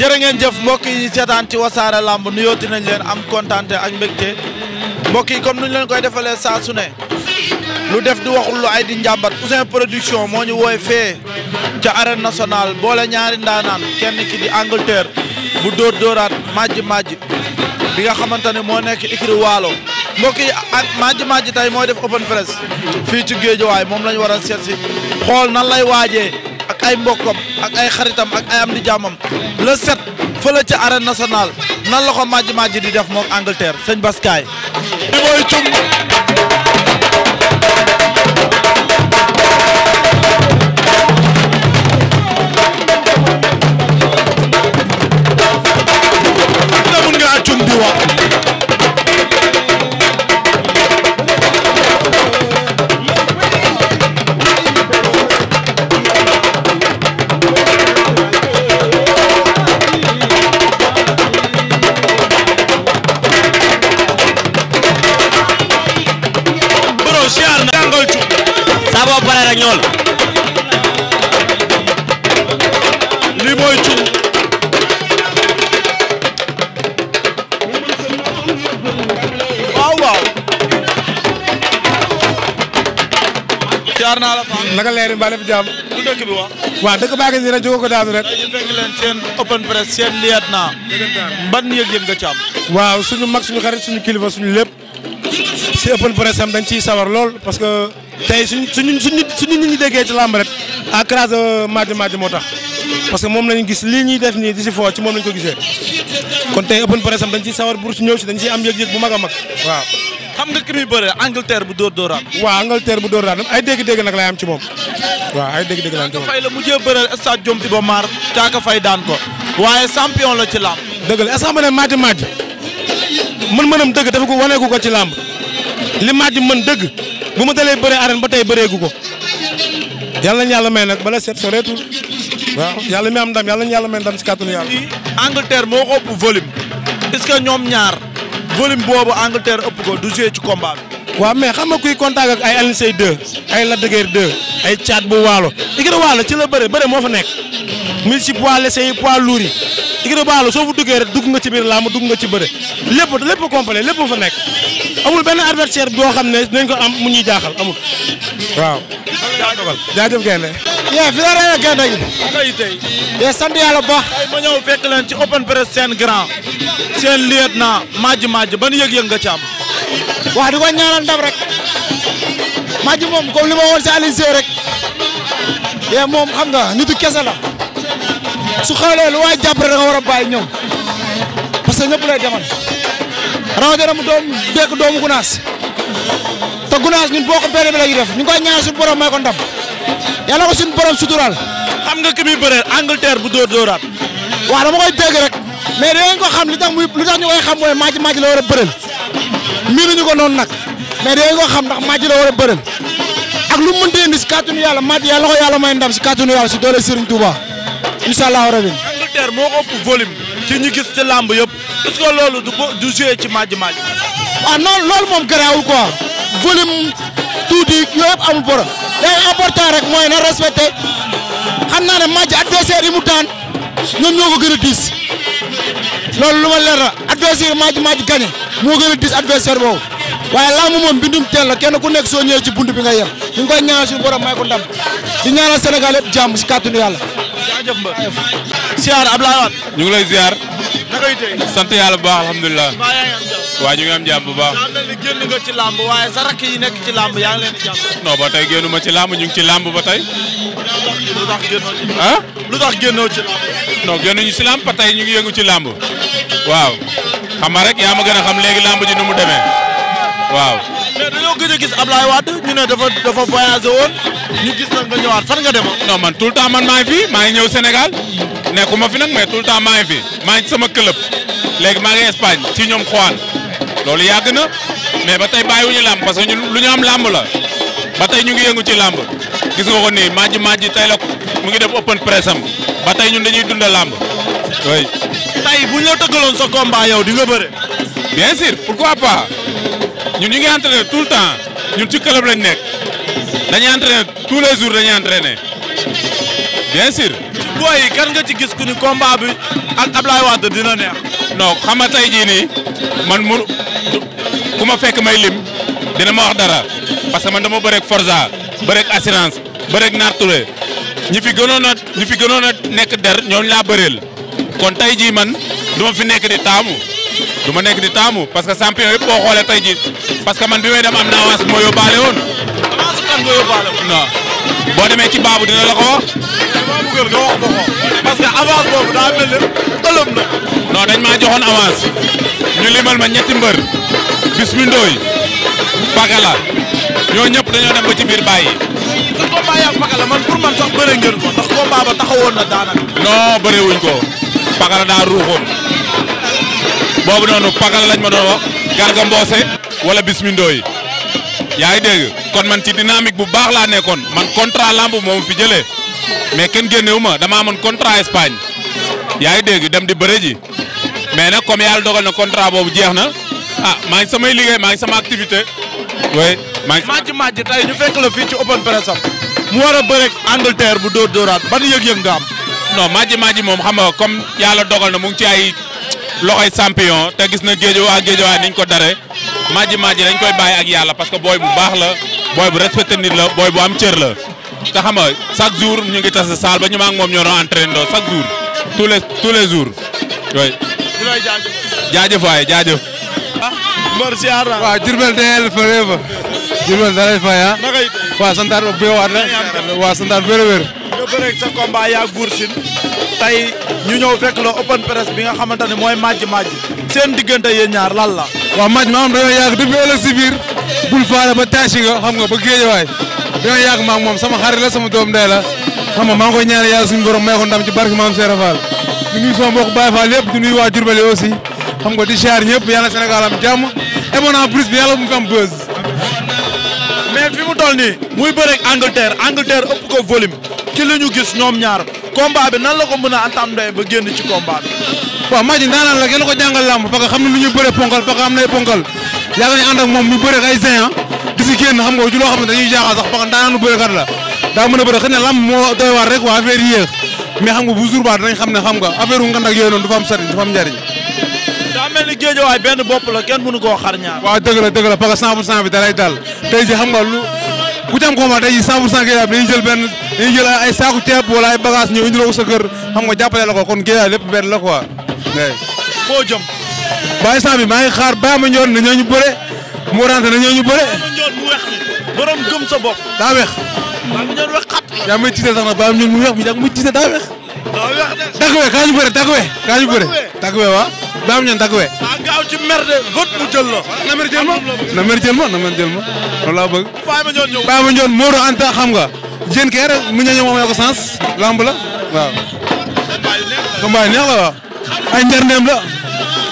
jërë ngeen jëf mbokk yi seetaan ci wasaare lamb nuyooti nañ leen am kontaante ak mbégte mbokk yi comme nuñ leen koy defalee saa su ne lu def di waxul lu ay di njàmbat Ouzin Production moo ñu wooy fee ca arène nationale boole ñaari ndaanaan kenn ki di Angleterre bu dóor dóoraat majj majj bi nga xamante ne moo nekk ikri waalo mbokk yi ak majj majj tey mooy def open press fii ci géejawaay moom la ñu war a seet si xool nan lay waajee ak ay mbokkam ak ay xaritam ak ay am di jàmmam le set fële ca arène nationale nan la ko Madji Madji di def moom Angleterre sëñ Baskaay. bi mooy cung naa la Fane. naka leer mbaa lépp bi wax. waaw dëkk baa ngi nii rek jógoo ko daanu rek. ñu fekk leen ban yëg-yëg nga ci am. waaw suñu mag suñu xarit suñu kilifa suñu lépp si open press am dañ ciy sawar lool parce que tey suñu suñu suñu suñu nit ñi déggee ci làmb rek à cause Madj Madj moo tax parce que moom ñu gis lii ñuy def nii di si foo ci moom lañu ko gisee kon tey open press am dañ ciy sawar pour si ñëw si dañ ciy am yëg-yëg bu mag a mag waaw am nga ki muy bëre bu dóor dóoraan. waa Angleterre bu dóor dóoraan ay dégg-dégg nag lay am ci moom waa ay dégg-dégg la am ci moom. fay la mujjee bëre stade Jom Iba Mar Caaka Fay daan ko waaye champion la ci làmb. dëgg la est-ce que ma ne maaji maaji mën mënam dëgg dafa ko waneeku ko ci làmb li maaj mën dëgg bu ma dalee bëree arène ba tey bëreegu ko yàlla na yàlla may nag bala set soreetul waaw yàlla mi am ndam yàlla na yàlla may ndam si kàttanu yàlla. Angleterre moo ëpp volume est que ñoom ñaar. volume boobu Angleterre ëpp ko du joué ci combat bi. waaw mais xam nga kuy contact ak ay Alioune Seye 2 ay la de Guiers ay Thiat bu Waalo Ikra Waalo ci la bëre bëre moo fa nekk. mil ci poids lese yi poids lourd yi Ikra Waalo soo fu duggee rek dugg nga ci biir làmb dugg nga ci bëre lépp lépp complet lépp fa nekk. amul benn adversaire boo xam ne dinañ ko am mu ñuy jaaxal amul. waaw. jaajëf gaynde. yee fi la rëy a gaynde yee sant yàlla bu baax. tey ma ñëw fekk leen ci open press seen grand. seen maaj maaj ba nu yëg-yëg nga ci am. wax di ko ñaanal ndam rek. Madji moom comme li ma woon si Alioune rek. yee moom xam nga nitu kese la. su xoolee lu waay jàpp rek nga war a bàyyi ñëw. parce que ñëpp lay demal. rawatina mu doom dekk doomu gunaas te gunaas ñun boo ko benn bi la def ñu ngi koy ñaan suñu borom may ko ndam yàlla ko suñu borom suturaal. xam nga ki muy bëree Angleterre bu dóor dóoraat. waaw dama koy dégg rek mais dinañ ko xam li tax muy li tax ñu koy xam mooy màcc màcc la war a bëreel miinuñu ko noonu nag mais dinañ ko xam ndax màcc la war a bëreel ak lu mu mënti indi si kàttanu yàlla màcc yàlla ko yàlla may ndam si kàttanu yàlla si doole Serigne Touba incha allah rabbi. Angleterre ñi gis làmb yëpp est-ce que loolu du du joué ci Madj Madj. waaw ah noonu loolu moom garaawul quoi volume tuuti yooyu yëpp amul borom day important rek mooy na respecte xam naa ne Madj adversaire yi mu daan ñoom ñoo ko gën a diis loolu lu ma leer la adversaire Madj Madj gagné moo gën a diis adversaire boobu waaye làmb moom bindum teel la kenn ku nekk soo ñëwee ci bunt bi nga yem ñu ngi koy ñaanal suñu borom may ko ndam di ñaanal Sénégal yëpp jàmm si kàttanu yàlla. jaajëf Mbër. siyaar Abdoulaye ñu ngi lay ziar. naka tey sant yàlla bu baax alhamdulilah. waa ñu ngi am jàmm bu baax. daa mel ni ci làmb waaye sa rakk yi nekk ci làmb yaa ngi leen di jàmm. non ba tey génnu ci lamb ñu ngi ci làmb ba tey. lu tax génnoo ci. ah lu tax génnoo ba tey ñu ngi yëgu ci làmb. waaw xam nga rek yaa ma gën a xam léegi làmb ji nu mu demee waaw. mais dañoo gëj a gis Ablaye Wade ñu ne dafa dafa woon ñu gis nag nga ñëwaat fan nga demoon. non man tout le man maa ngi maa ngi ñëw Sénégal nekkuma fi nag mais tout le temps maa ngi fi maa ngi ci sama club léegi maa ngi Espagne ci ñoom xwaan loolu yàgg na mais ba tey bàyyiwuñu làmb parce que ñun lu ñu am làmb la ba tey ñu ngi yëngu ci làmb gis nga ko nii Madji Madji tey la mu ngi def open press am ba tey ñun dañuy dunda làmb oui. tey bu ñu la tëggaloon sa combat yow di nga bëre. bien sûr pourquoi pas ñun ñu ngi entraîné tout le temps ñun ci club lañ nekk dañuy entraîné tous les jours dañuy entraîné bien sûr. booy kan nga ci gis ku ni combat bi ak Ablaye Wade dina neex. non xam nga tey jii nii man mu ku ma fekk may lim dina ma wax dara parce que man dama bëreeg Forza bëreeg assurance bëreeg Naar ñi fi gënoon a fi gënoon a nekk der ñooñu laa bëreel kon tey jii man du fi nekk di taamu du nekk di taamu parce que champion yëpp boo xoolee tey jii parce que man bi may dem am na avance yóbbaale woon. avance nga boo demee ci baabu dina la dugal nga wax ko ko parce que avance boobu daa mel ni na. non dañ maa joxoon avance ñu limal ma ñetti mbër Bismi Ndoye Pakala ñoo ñëpp dañoo dem ba ci biir bàyyi. sa combat yaa Pakala man pour man sax bëre ngeen ko ndax combat ba taxawoon na daanaka. non bëre ko Pakala daa ruuxoon boobu noonu Pakala lañ ma doon wax Garga Mbossé wala Bismi Ndoye yaa ngi dégg kon man ci dynamique bu baax laa nekkoon man contrat lamb moom fi jëlee. mais kenn génnewu dama amoon contrat Espagne yaa ngi dégg dem di bëre ji mais nag comme yàlla dogal na contrat boobu jeex na ah maa ngi samay liggéey maa sama activité oui maa ngi. màcc màcc tey fekk la fii ci open press mu war a bëre Angleterre bu dóor dóoraat ban yëg-yëg nga am. non màcc màcc moom xam nga comme yàlla dogal na mu ngi ci ay loxoy champion te gis na géej waa géej waa niñ ko dare màcc màcc dañ koy bàyyi ak yàlla parce que booy bu baax la booy bu respecté nit la booy bu am cër la. te xam nga chaque jour ñu ngi tas saal ba ñu ma ak moom ñoo doon entraîné doo chaque jour tous les tous les jours yooyu. ñu lay jaajëf. jaajëf waay jaajëf. ah fa. Diourbel da lay fay ah. naka it waaw sant tey ñu ñëw fekk la open press bi nga xamante ne mooy màjj màjj. seen diggante yéen ñaar lan la. waaw màjj ma am dañoo yàgg depuis ëllëg bul faale ba tàcc nga xam nga ba géej waay. dina yàgg maak moom sama xarit la sama doom ndey la xam nga maa ngi koy ñaanal ko ndam ci barke maam Serap Fall di nuyu sama mbokk Baye Fall yëpp di nuyu waa Diourbel aussi xam nga di siyaar ñëpp yàlla Sénégal am jàmm emoon en plus bi yàlla bu mu fi am buzz. fi mu toll nii muy bëreeg Angleterre Angleterre ëpp ko volume ci li ñu gis ñoom ñaar combat bi nan la ko mën a entendre ba génn ci combat bi. waaw maa ngi daanaan la gën ko jàngal làmb parce que xam na lu ñuy bëree ponkal parce que am na ay ponkal yàlla nañu ànd ak ay géant génn xam nga ci loo xam ne dañuy jaaxal sax parce que daanaanu bërekat la daa a bëre xëy waa affaire yéex mais ba dinañ xam ne xam nga affaire wu nga nag yooyu noonu du fa am cent pour cent bi dalay dal tey ji xam nga ku ci am tey ji cent pour cent géej bi dañuy benn dañuy jël ay saaku ceeb wala ay bagage ñëw indi la ko sa kër xam nga jàppale la ko kon géej waay lépp benn la quoi ay boo jëm bàyyi sant bi maa ngi xaar bàyyi ma ñoon na ñoo ñu bëre mu na ñoo ñu bëre borom gëm sa bopp. daa weex. maa ngi doon weex xat. yaa may tiitee sax nag baa ñun mu weex mi yaa ngi muy tiitee daa weex. daa weex de. takkuwee kaa ñu bëre takkuwee. kaa ñu bëre takkuwee waa. baa ñun takkuwee. ah gaaw la. na mer jël ma na mer jël ma na mer jël ma loolu laa bëgg. Baye ma ñoon ñëw Baye ma ñoon Mawro Anta xam nga. jën kër mu ñëw moom yaa ko sens. lamb la waaw. combat neex la waaw. ay njarneem la.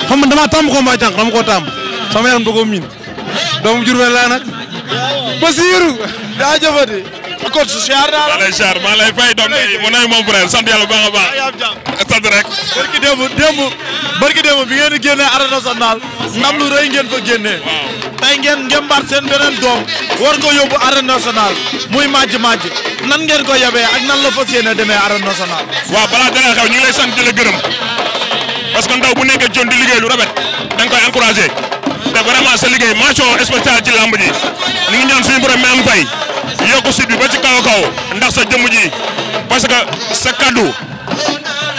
xam nga damaa tàmm combat jànq dama koo tàmm. sama yaram da koo miin. doomu jur laa nag Basiru daa jëfati coach siyaar naa la maa lay siyaar maa lay fay doom day mu nay moom frère sant yàlla bu baax a baax sant rek barki démb démb barki démb bi ngeen génnee arène nationale ndam lu rëy ngeen fa génnee tey ngeen ngembaat seen beneen doom war ko yóbbu arène nationale muy màjj màjj nan ngeen ko yebee ak nan la fas yéene demee arène nationale waaw balaa dara xew ñu lay sant di parce que ndaw bu nekkee joon di liggéey lu rafet da nga koy nag vraiment sa liggéey mention spéciale ci lamb ji ñu ngi ñaan suñu borom mi am fay yokku site bi ba ci kaw kaw ndax sa jëmm ji parce que sa kaddu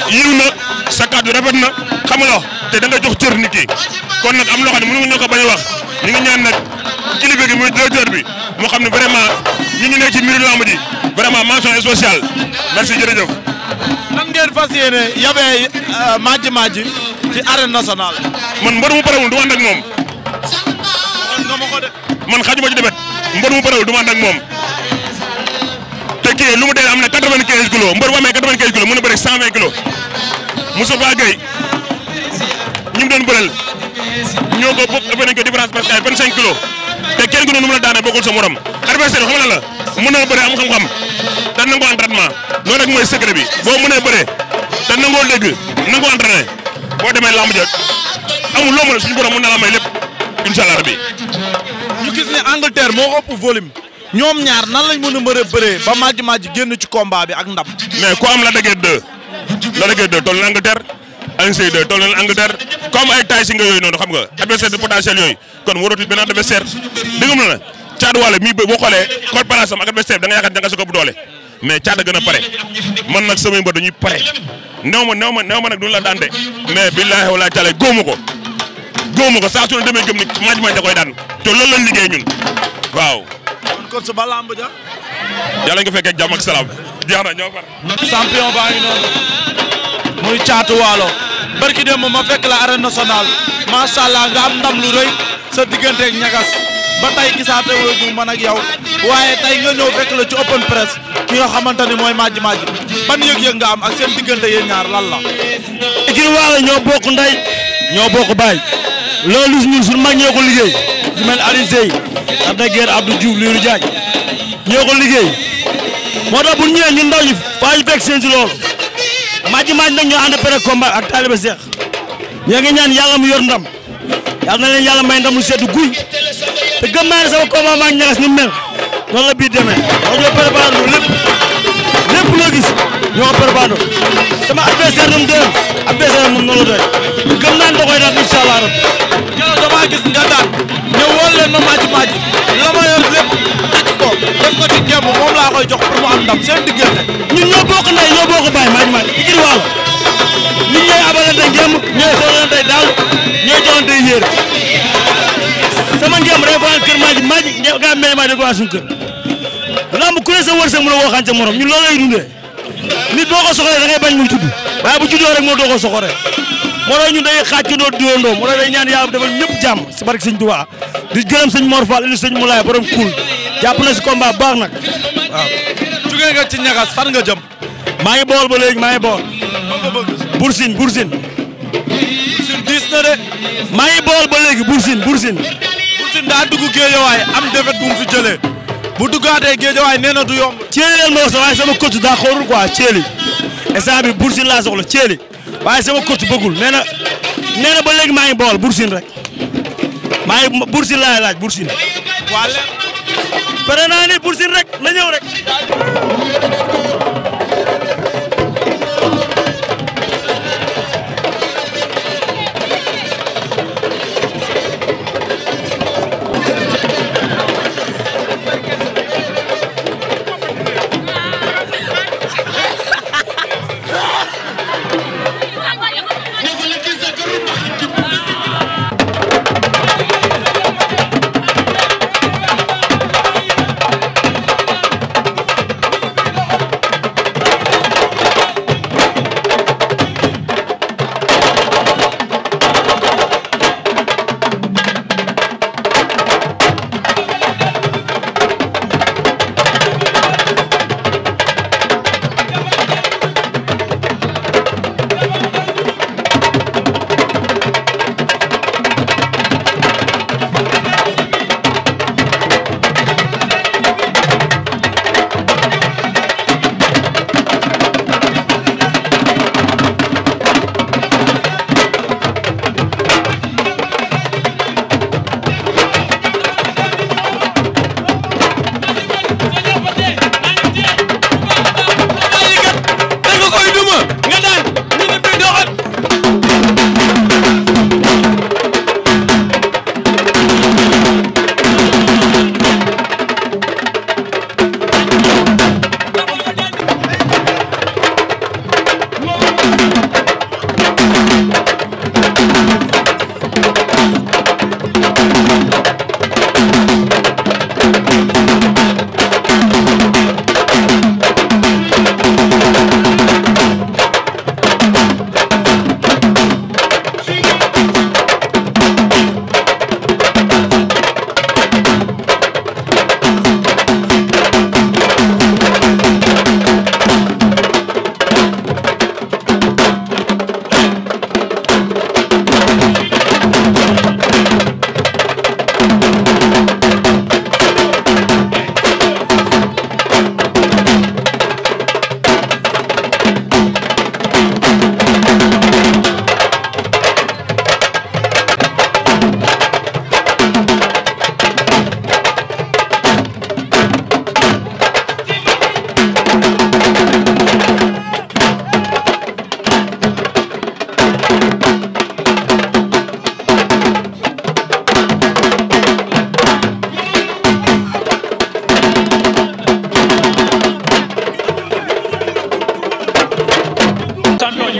yiw na sa kaddu rafet na xamuloo te da nga jox cër nit ki kon nag am loo xam ne mënu ñu ko bañ wax ñu ngi ñaan nag kilifa gi muy directeur bi moo xam ne vraiment ñu ngi nekk ci mbiru lamb ji vraiment mention spéciale merci jërëjëf. nan ngeen fas yéene yabee maaji euh, maaji ci arène nationale. man mbër mu parewul du ànd ak moom. man xajuma ci demet mbër mu bërewul du ma ànd moom te kii lu mu dee am na 95 kilos mbër bu amee 95 kilos mën na bëri 120 kilos Moustapha Gueye ñi mu doon bëreel ñoo ko bokk ëpp nañ ko différence parce que te kenn nu mu la daanee bokkul sa morom adversaire xam la la mën na bëre am xam-xam te nangoo entraînement loolu rek mooy secret bi boo mënee bëree te nangoo dégg nangoo entraîné boo demee lamb jot amul loo suñu borom mën na la incha allah bi ñu gis ne Angleterre moo ëpp volume ñoom ñaar nan lañ mën a mën a bëree ba màjj màjj génn ci combat bi ak ndam. mais ku am la dëggee deux toll na Angleterre Alioune Seye deux toll na Angleterre comme ay taay nga yooyu noonu xam nga adversaire de potentiel yooyu kon waratu benn adversaire dégg nga la Thiatou Walo mii boo xoolee code place am adversaire bi da nga yaakaar njànga sa ko bu doole mais Thiatou gën a pare man nag samay mbër dañuy pare néew ma néew ma néew ma nag duñu la daan ko. gëwuma ko saa su ne demee gëm ni maaj da koy daan te loolu lañ liggéey ñun waaw. kon su ba lamb ja. yàlla nga fekk ak jàmm ak salaam. jeex na ñoo far. champion baa ngi noonu. muy caatu waalo. barki démb ma fekk la arène nationale. macha allah nga am ndam lu rëy. sa diggante ak ñagas. ba tay gisaate wala ñu man ak yow. waaye tay nga ñëw fekk la ci open press. ki nga xamante ni mooy Madji Madji. ban yëg-yëg nga am ak seen diggante yéen ñaar lan la. kii waalo ñoo loolu ñun suñu mag ñoo ko liggéey su mel Alioune Seye ak da guerre Abdou Diouf ñoo ko liggéey moo tax bu ñu a ñun ndaw ñi faa ñu fekk seen ci loolu maaj maaj nag ñoo ànd pere combat ak taalibe Seex ñoo ngi ñaan yàlla mu yor ndam yàlla na leen yàlla may ndam lu seddu guy te gëm naa sama combat maa ñagas ni mel noonu la bii demee wax ñoo préparé lu lépp lépp loo gis ñoo ko préparé sama adversaire nu mu doyoon adversaire moom noonu la doy gëm naa ne da koy gis nga daan ñëw woon leen ma maaji maaji la ma yor lépp tëj ko def ko ci jéem moom laa koy jox pour mu am ndam seen diggante ñun ñoo bokk ndey ñoo bokk baay maaji maaji i gir waalo ñun ñooy abalante ngéem ñooy solante daal ñooy joxante yéer sama ngéem day fanaan kër maaji maaji nga mel maaji ko waa suñu kër lamb ku ne sa wërsëg mën a woo xaan sa morom ñun loolu lay dundee nit boo ko soxoree da ngay bañ muy tudd waaye bu juddoo rek moo doo ko soxoree moo ñu ñun day xàccandoo diwandoo moo tax day ñaan yàlla defal ñëpp jàmm si barke sëñ Tuubaa di gërëm sëñ Mor Fall indi sëñ Moulay borom kuul jàpp na si combat baax nag waaw. jugee nga ci ñagas fan nga jom maa ngi bool ba léegi maa ngi bool. Boursine Boursine. Boursine diis na de. maa ngi bool ba léegi Boursine Boursine. Boursine daa dugg géejawaay am defet bu mu fi jëlee. bu duggaatee nee na du yomb. ceeli leen ma wax waaye sama coach daa xoolul quoi ceeli instant bi Boursine laa soxla ceeli. waaye sama coach bëggul nee na nee ba léegi maa ngi bool Boursine rek maa ngi Boursine laay laaj Boursine. waaw lépp pare naa ni Boursine rek na ñëw rek.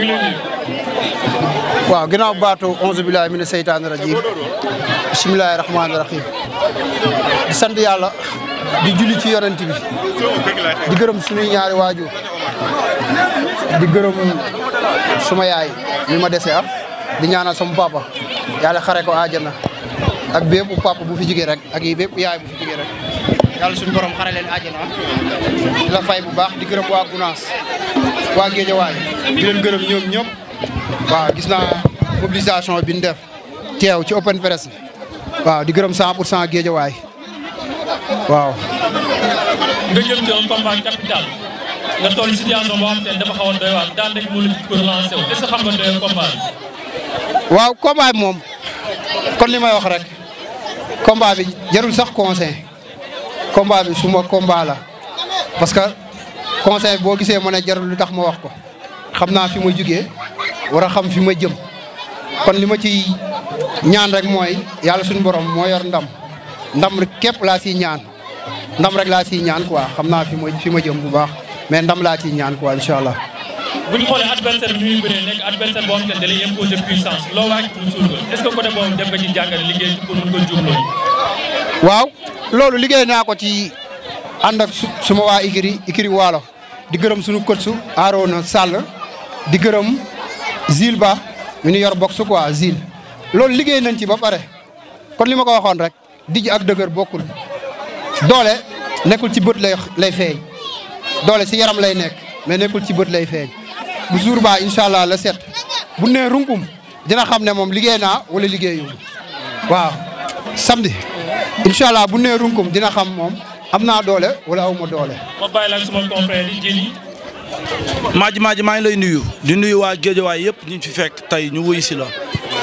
ngi leen di. waaw ginnaaw baatu onze billahi mina seytaani rajim bisimilahi rahmaani rahim di sant yàlla di julli ci yonent bi di gërëm suñuy ñaari waajur di gërëm suma yaay mi ma dese am ah. di ñaanal sama papa yàlla xare ko àjjana ak bépp papa bu fi jugee rek ak yi bépp yaay bu fi jugee rek yàlla suñu borom xare leen àjjana la fay bu baax di gërëm waa Gunaas waa Géejawaay di leen gërëm ñoom ñëpp gis naa mobilisation bi ñu def teew ci open press waaw di gërëm 100 pour cent Géejawaay waaw. nga jël ci un combat capital nga toll situation boo xam te dafa xaw a doy waar daan rek mu ko relancé wu est-ce que xam nga doy combat bi. waaw combat bi moom kon li may wax rek combat bi jarul sax conseil combat bi suma combat parce que. conseil boo gisee mën ne jarul lu tax ma wax ko xam naa fi ma jugee war a xam fi ma jëm kon li ma ciy ñaan rek mooy yàlla suñu borom moo yor ndam ndam képp laa si ñaan ndam rek laa si ñaan quoi xam naa fi ma fi ma jëm bu baax mais ndam laa ciy ñaan quoi incha allah. bu ñu xoolee adversaire bi muy bëree nekk adversaire boo xam ne da lay imposer puissance loo waaj pour suul ko est-ce que côté boobu dem nga ci jàngale liggéey pour ko juum waaw loolu liggéey naa ko ci ànd ak waa Ikiri di gërëm suñu coach su Arona Sall di gërëm Zil Ba mi ñu yor box quoi Zil loolu liggéey nañ ci ba pare kon li ma ko waxoon rek dijj ak dëgër bokkul doole nekkul ci bët lay lay feeñ doole si yaram lay nekk mais nekkul ci bët lay feeñ bu jour ba incha allah la set bu nee runkum dina xam ne moom liggéey naa wala liggéeyul waaw samedi incha allah bu nee runkum dina xam moom. am naa doole wala aw ma doole. ma bàyyi la ak sama confrère yi jëli. Madji maa ngi lay nuyu. di nuyu waa géejawaay yëpp ñu fi fekk tey ñu wuy si la.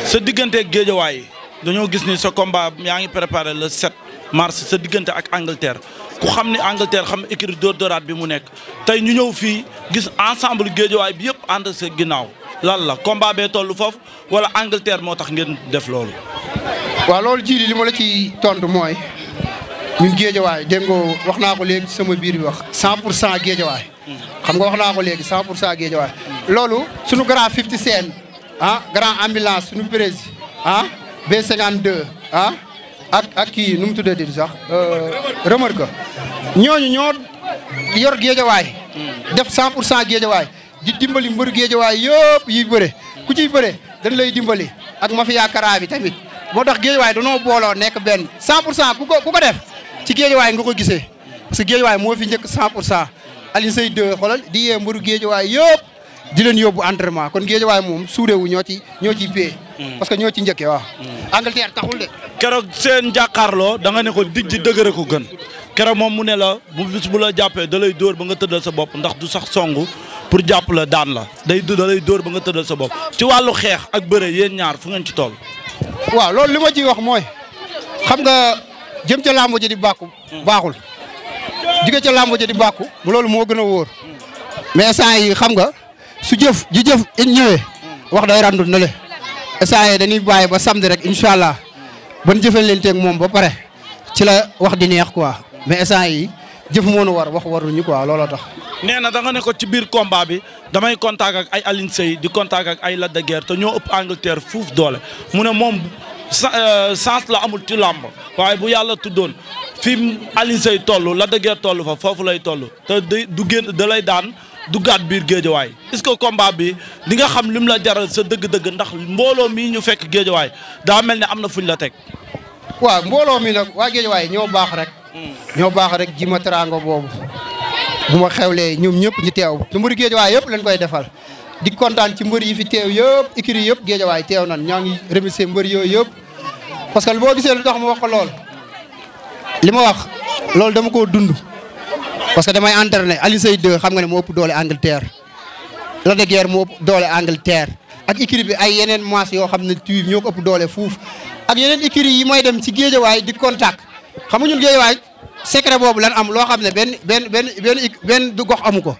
sa digganteeg géejawaay dañoo gis ni sa combat yaa ngi préparé la set mars sa diggante ak Angleterre ku xam ni Angleterre xam écurie Dóor Dóoraat bi mu nekk tey ñu ñëw fii gis ensemble géejawaay bi yëpp ànd sa ginnaaw lan la combat bee toll foofu wala Angleterre moo tax ngeen def loolu. waaw loolu ji li ma la ci tontu mooy. ñun géejawaay dégg nga wax naa ko léegi sama biir bi wax 100 pour cent géejawaay xam nga wax naa ko léegi 100 pour cent géejawaay loolu suñu grand 50 Cent ah grand ambulance suñu prési ah B52 ah ak ak kii nu mu tuddee di sax euh, remarque ñooñu ñoo yor géejawaay def 100 pour cent géejawaay di dimbali mbëru géejawaay yëpp yiy bëre ku ciy bëre dañ lay dimbali ak mafia kara bi tamit moo tax géejawaay danoo booloo nekk benn 100 pour cent ku ko ku ko def ci géejawaay nga ko gisee parce que géejawaay moo fi njëkk 100 pour cent Alioune Seye 2 xoolal di yee mbaru géejawaay yëpp di leen yóbbu entraînement kon géejawaay moom suure wu ñoo ci ñoo ciy payé. Mm. parce que ñoo ci njëkkee waaw. Mm. Angleterre taxul de. keroog seen jàkkaarloo da nga ne ko dig ji dëgëre ko gën keroog moom mu ne la bu bis bu la jàppee da lay dóor ba nga tëddal sa bopp ndax du sax songu pour jàpp la daan la day da lay dóor ba nga tëddal sa bopp ci wàllu xeex ak bëre yéen ñaar fu ngeen ci toll. mooy jëm ca làmb ji di bàkku baaxul jige ca làmb ji di bàkku loolu moo gën a wóor mais saa yi xam nga su jëf ji jëf it ñëwee wax day randu na le saa yi dañuy bàyyi ba samedi rek incha allah ban jëfal leen moom ba pare ci la wax di neex quoi mais saa yi jëf moo nu war wax waruñu quoi looloo tax. nee na da nga ne ko ci biir combat bi damay contact ak ay Alioune di contact ak ay Lac de Guiers te ñoo ëpp Angleterre fuuf doole mu ne moom chance euh, la amul ci làmb waaye bu yàlla tuddoon fi Alioune Seye toll la dëggee tollu fa foofu lay toll te du génn da lay daan duggaat biir géejawaay est-ce que combat bi di nga xam lim la jaral sa dëgg-dëgg ndax mbooloo mii ñu fekk géejawaay daa mel ni am na fuñ la teg. waaw mbooloo mi nag waa géejawaay ñoo baax rek. ñoo baax rek ji ma teraanga boobu bu ma xewlee ñoom ñëpp ñu teew. numéro géejawaay yëpp lañ koy defal. di kontaan ci mbër yi fi teew yëpp écurie yëpp géejawaay teew nan ñaa ngi remercier mbër yooyu yëpp parce que boo gisee lu tax ma wax ko lool li ma wax loolu dama koo dund parce que damay entraîné Alioune Seye 2 xam nga ne moo ëpp doole Angleterre la de Guiers moo ëpp doole Angleterre ak écurie bi ay yeneen maas yoo xam ne tuy ñoo ko ëpp doole fuuf ak yeneen écurie yi may dem ci géejawaay di contact xam nga ñun géejawaay secret boobu lan am loo xam ne benn benn benn benn benn gox amu ko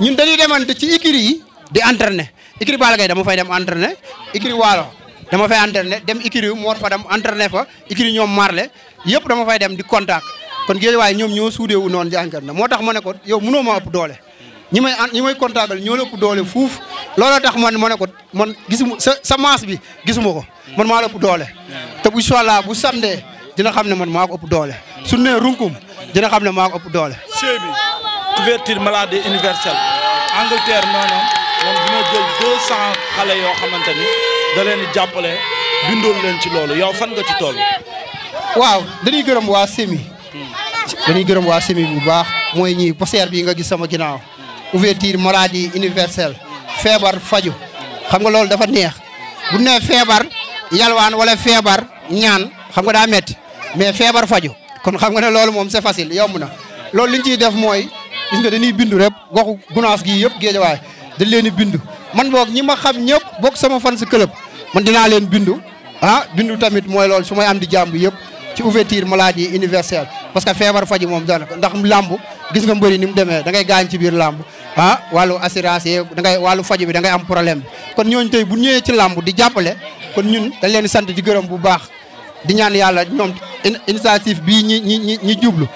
ñun yi di entraîner écurie Balla Gaye dama fay dem entraîner écurie Waalo dama fay entraîner dem écurie Mor fa dem entraîner fa écurie ñoom Marle yëpp dama fay dem di contact kon géej waaye ñoom ñoo suudeewu noonu jàngat na moo tax ma ne ko yow mënoo ma ëpp doole ñi may ñi may contactal ñoo la ëpp doole fuuf looloo tax man ma ne ko man gisuma sa sa masse bi gisuma ko man maa la ëpp doole te bu soxlaa bu samdee dina xam ne man maa ko ëpp doole su ne runkum dina xam ne maa ko ëpp doole couverture maladie universelle Angleterre noonu man dina jël deux cent xale yoo xamante ni da leen jàppale bindool leen ci loolu yow fan nga ci tool waaw dañuy gërëm waa semi dañuy gërëm waa semi bu baax mooy ñii posteer bii nga gis sama ginnaaw ouverture maladie universelle feebar faju xam nga loolu dafa neex bu ne feebar yalwaan wala feebar ñaan xam nga daa metti mais feebar faju kon xam nga ne loolu moom c'est facile yomb na loolu li ñu ciy def mooy gis nga dañuy bindu rek goxu gunaas gi yëpp géejawaay dañ leen di bindu man boog ñi ma xam ñëpp bokk sama fan si club man dinaa leen bindu ah bindu tamit mooy lool su may am di jàmb yëpp ci ouverture maladie universelle parce que feebar faji moom daanaka ndax làmb gis nga mbëri ni mu demee dangay ngay gaañ ci biir lamb ah wàllu assurance yi da ngay wàllu faju bi da am problème bi kon ñooñu tey bu ñëwee ci làmb di jàppale kon ñun dañ leen sant di gërëm bu baax di ñaan yàlla ñoom initiative bii ñi ñi ñi jublu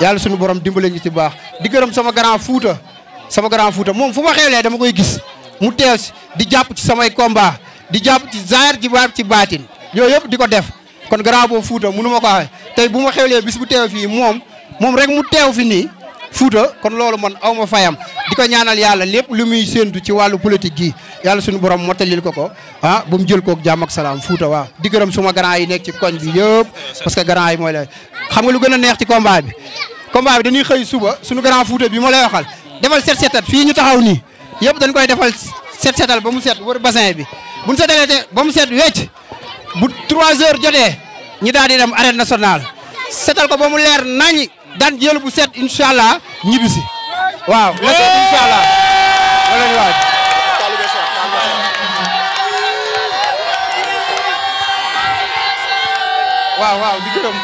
yàlla suñu borom dimbale ñu ci baax di gërëm sama grand Fouta sama grand Fouta moom fu ma xewlee dama koy gis mu teew si di jàpp ci samay combat di jàpp ci zaar ci baab ci baatin yooyu yëpp di ko def kon grand boobu Fouta munuma ko waxee tey bu ma xewlee bis bu teew fii moom moom rek mu teew fi nii Fouta kon loolu man aw ma fayam di ko ñaanal yàlla lépp lu muy séentu ci wàllu politique gi yàlla suñu borom mottalil ko ko ah bu mu jël koog jàmm ak salaam Fouta waa di gërëm suma grand yi nekk ci koñ bi yëpp parce que grand yi mooy la xam nga lu gën a neex ci combat bi combat bi dañuy xëy suba suñu grand Fouta bi ma la waxal defal set setal fii ñu taxaw nii yëpp dañ koy defal set setal ba mu set wër bassin bi bu ñu setalee te ba mu set wecc bu 3 heures jotee ñu daal di dem arène nationale setal ko ba mu leer nañ daan jël bu set incha allah ñibisi si waaw la set incha allah waaw waaw di gërëm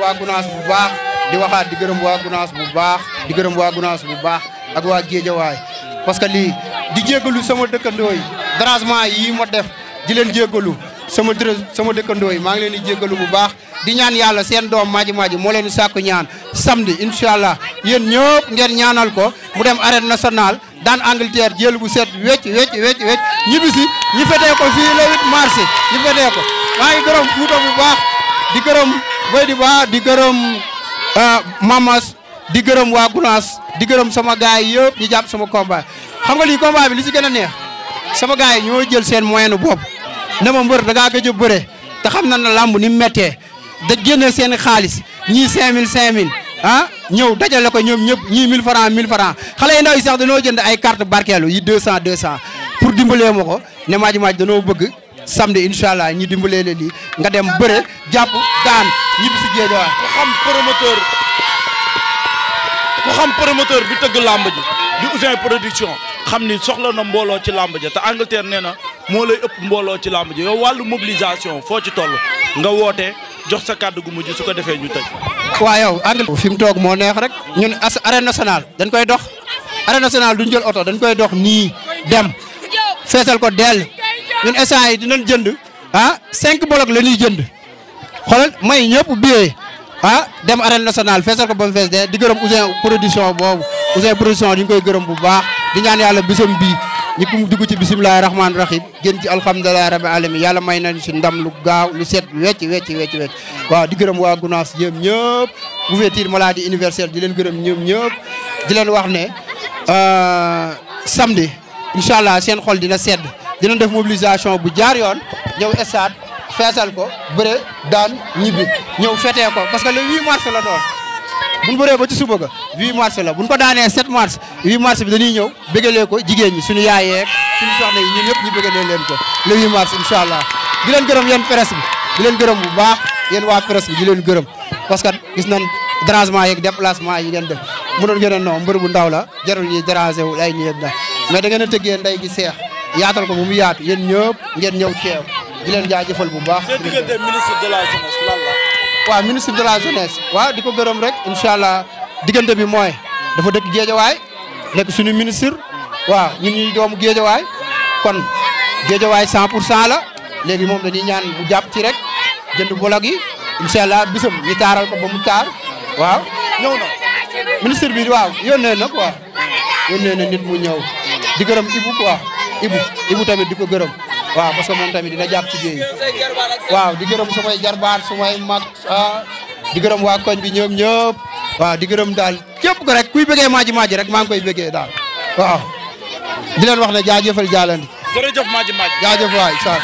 waa Gunaas bu baax di waxaat di gërëm waa Gunaas bu baax di gërëm waa Gunaas bu baax ak waa Géejawaay parce que lii di jéggalu sama dëkkandoo yi dérangement yi ma def di leen jéggalu sama dërë sama dëkkandoo yi maa ngi leen di jéggalu bu baax di ñaan yàlla seen doom maaji maaji moo leen sàkku ñaan samedi incha allah yéen ñëpp ngeen ñaanal ko mu dem arène nationale daan Angleterre jël bu set wecc wecc wecc wecc ñibbisi ñi fetee ko fii le 8 mars ñi fetee ko maa ngi gërëm Fuuta bu di gërëm Boy di baax di gërëm Ah, Mamas di gërëm waa Gunaas di gërëm sama gars yi yëpp ñu jàpp sama combat xam nga lii combat bi li ci gën a neex sama gars yi ñoo jël seen moyenu bopp ne ma mbër da ngaa gëj a bëre te xam na ne làmb ni mu méttee da génne seen xaalis ñii 5000 5000 ah ñëw dajale ko ñoom ñëpp ñii 1000 francs 1000 francs xale yi ndaw yi sax danoo jënd ay carte barkeelu yi 200 200 pour dimbalee ma ko ne maaji maaji danoo bëgg. samedi incha allah ñi dimbalee la lii nga dem bëre jàpp daan ñi si géejawaay ku xam promoteur ku xam promoteur bi tëgg làmb ji di Ouzin Production xam ni soxla na mbooloo ci làmb ja te Angleterre nee na moo lay ëpp mbooloo ci làmb ji yow wàllu mobilisation foo ci toll nga woote jox sa kàddu gu mujj su ko defee ñu tëj. waaw yow Angleterre fi mu toog moo neex rek ñun as arène nationale dañ koy dox arène nationale duñ jël oto dañ koy dox nii dem feesal ko del ñun instant yi dinañ jënd ah cinq bloc la ñuy jënd xoolal may ñëpp billet ah dem arène national feesal ko ba fees de di gërëm Ouzin production boobu Ouzin production ñu ngi koy gërëm bu baax di ñaan yàlla bisam bii ñi ko mu dugg ci bisimilahi rahmaani rahim gën ci alhamdulilahi rabbi alamin yàlla may nañu si ndam lu gaaw lu set wecc wecc wecc wecc waaw di gërëm waa Gunaas yëpp ñëpp couverture maladie universelle di leen gërëm ñoom ñëpp di leen wax ne euh, samedi incha seen xol dina sedd dinañ def mobilisation bu jaar yoon ñëw stade feesal ko bëre daan ñibbi ñëw fete ko parce que le 8 mars la doon bu ñu ba ci suba ga 8 mars la bu ñu ko daanee 7 mars 8 mars bi dañuy ñëw bëggalee ko jigéen ñi suñu yaayee suñu soxna yi ñun ñëpp ñu bëggalee leen ko le 8 mars incha allah di leen gërëm yéen presse bi di leen gërëm bu baax yéen waa presse bi di gërëm parce que gis nañ dérangement yeeg déplacement yi ngeen def mënoon ngeen a non mbër bu ndaw la jarul ñuy déranger wu ay ñuy yëg mais da ngeen a tëggee nday gi seex yaatal ko bu mu yaatu yéen ñëpp ngeen ñëw teew di leen jaajëfal bu baax. seen diggante ministre de la jeunesse lan la. waaw ministre de la jeunesse waaw di ko gërëm rek incha allah diggante bi mooy dafa dëkk géejawaay nekk suñu ministre waaw ñun ñuy doomu géejawaay kon géejawaay 100 pour cent la léegi moom dañuy ñaan mu jàpp ci rek jënd bolog yi incha allah bisam ñu taaral ko ba mu taar waaw. ñëw na ministre bi waaw yónnee na quoi yónnee na nit mu ñëw di gërëm Ibou quoi. Ibu Ibu tamit di ko gërëm waaw parce que moom tamit dina jàpp ci biir waaw di gërëm samay jarbaat samay mag ah, di gërëm waa koñ bi ñoom ñëpp waaw di gërëm daal képp ko rek kuy bëggee Madji Madji rek maa ngi koy bëggee daal waaw di leen wax ne jaajëfal jaalandi jërëjëf Madji Madji jaajëf waay